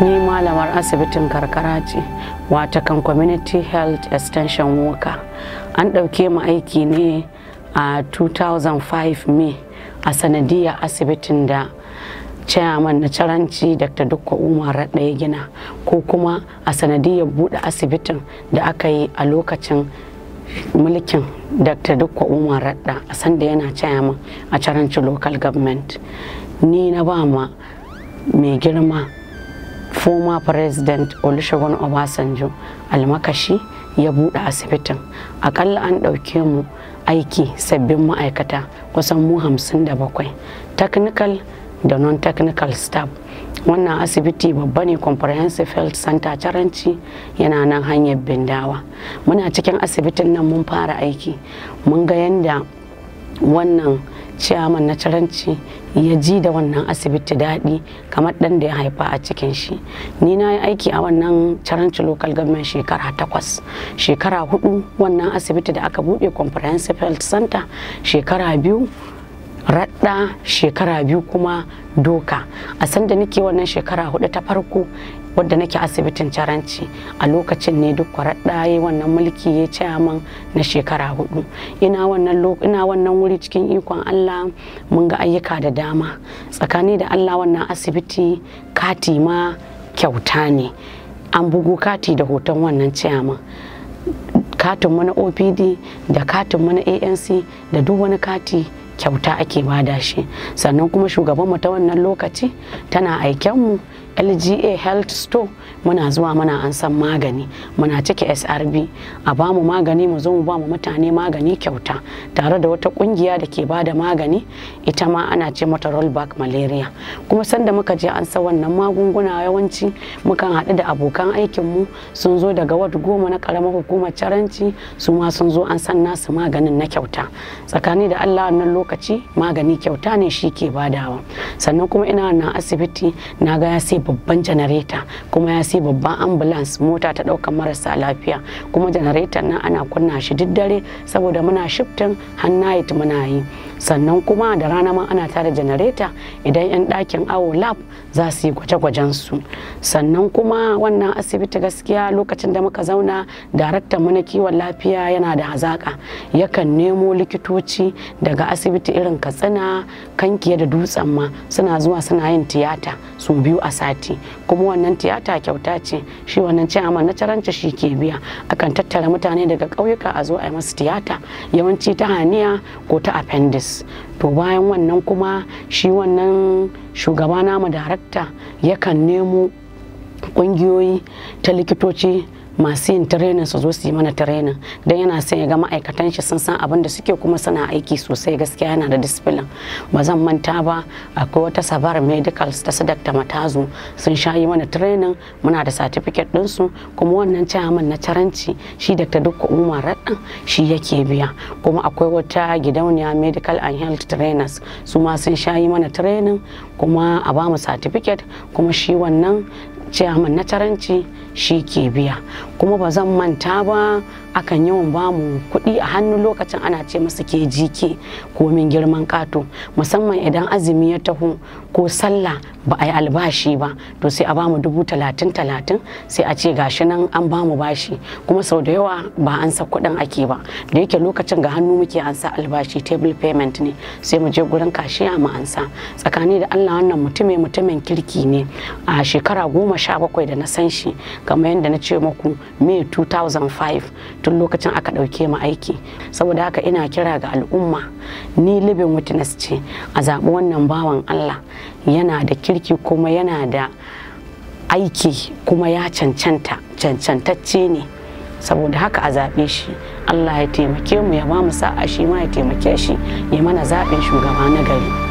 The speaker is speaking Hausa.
ni malamar asibitin karkara ce watakan community health extension worker an ɗauke mu aiki ne a 2005 may a sanadiyar asibitin da chairman na caranci dr dukko umar ya gina ko kuma a sanadiyar buɗe asibitin da aka yi a lokacin mulkin dr dukko umar radda a sanda yana chairman a caranci local government ni na ba ma mai girma former president olusegun obasanjo almakashi ya bude asibitin akalla an ɗauke mu aiki sabbin ma'aikata kusan mu hamsin da bakwai technical da non-technical staff wannan asibiti babba ne comprehensive health center caranci yana nan hanyar bindawa muna cikin asibitin nan mun fara aiki mun ga yadda wannan ciyaman na caranci ya ji da wannan asibiti daɗi kamar ɗan da ya haifa a cikin shi ni na yi aiki a wannan caranci local government shekara takwas shekara hudu wannan asibiti da aka buɗe comprehensive health center shekara biyu raɗa shekara biyu kuma doka a sanda nake wannan shekara hudu ta farko wadda nake asibitin caranci a lokacin ne duk kwaraɗaye wannan mulki ya ce min na shekara hudu ina wannan ina wannan wuri cikin ikon Allah mun ga ayyuka da dama tsakani da Allah wannan asibiti kati ma kyauta ne an bugu kati da hoton wannan ciyaman katin na opd da katin na anc da duk wani kati kyauta ake bada shi sannan kuma shugaban mu ta wannan lokaci tana mu lga health store muna zuwa muna an san magani muna cike srb a bamu magani mu zo mu ba mu mutane magani kyauta tare da wata kungiya da ke bada magani ita ma ana ce mata rollback malaria kuma sanda muka je an sa wannan magunguna yawanci mukan haɗu da abokan aikin mu sun zo daga ward goma na karamar hukumar caranci su ma sun zo an san nasu maganin na kyauta tsakani da allah wannan lokaci magani kyauta ne shi ke badawa sannan kuma ina na asibiti na ga ya sai babban janareta kuma ya sai babban ambulance mota ta ɗaukar marasa lafiya kuma janareta nan ana kunna shi duk dare saboda muna shiftin hannayit muna yi sannan kuma da rana ma ana tada janareta idan 'yan ɗakin awo lab za su yi gwaje-gwajen su sannan kuma wannan asibiti gaskiya lokacin da muka zauna daraktan mu na kiwon lafiya yana da hazaka yakan nemo likitoci daga asibiti irin katsina kankiya da dutsen ma suna zuwa suna yin tiyata su biyu a sati kuma wannan tiyata kyauta ce shi wannan ce amma na caranci shi ke biya akan tattara mutane daga ƙauyuka a zo a yi masu tiyata yawanci ta haniya ko ta appendix to bayan wannan kuma shi wannan shugaba namu darakta yakan nemo kungiyoyi ta likitoci masu yin training su zo su yi mana training don yana son ya ga ma'aikatan shi sun san abin da suke kuma suna aiki sosai gaskiya yana da discipline ba zan manta ba akwai wata sabar medicals ta sadakta matazu sun sha yi mana training muna da certificate ɗinsu kuma wannan chairman na caranci shi dr dukku umar raɗan shi yake biya kuma akwai wata gidauniya medical and health trainers su ma sun sha yi mana training kuma a ba mu certificate kuma shi wannan mun na taranci shi ke biya kuma ba zan manta ba akan yawan bamu kuɗi a hannu lokacin ana ce masa ke jike komin girman kato musamman idan azumi ya taho ko sallah ba a yi albashi ba to sai a bamu dubu talatin talatin sai a ce gashi nan an bamu bashi kuma sau da yawa ba an sa kuɗin ake ba da yake lokacin ga hannu muke an sa albashi table payment ne sai mu je gurin kashiya mu an sa tsakani da allah wannan mutumin mutumin kirki ne a shekara goma 2017 da na san shi kamar yadda na ce muku may 2005 tun lokacin aka ɗauke ma aiki saboda haka ina kira ga al'umma ni libin witness ce a zaɓi wannan bawan allah yana da kirki kuma yana da aiki kuma ya cancanta cancantacce ne saboda haka a zaɓe shi allah ya taimake mu ya ba mu sa'a shi ma ya taimake shi ya mana zaɓin shugaba na gari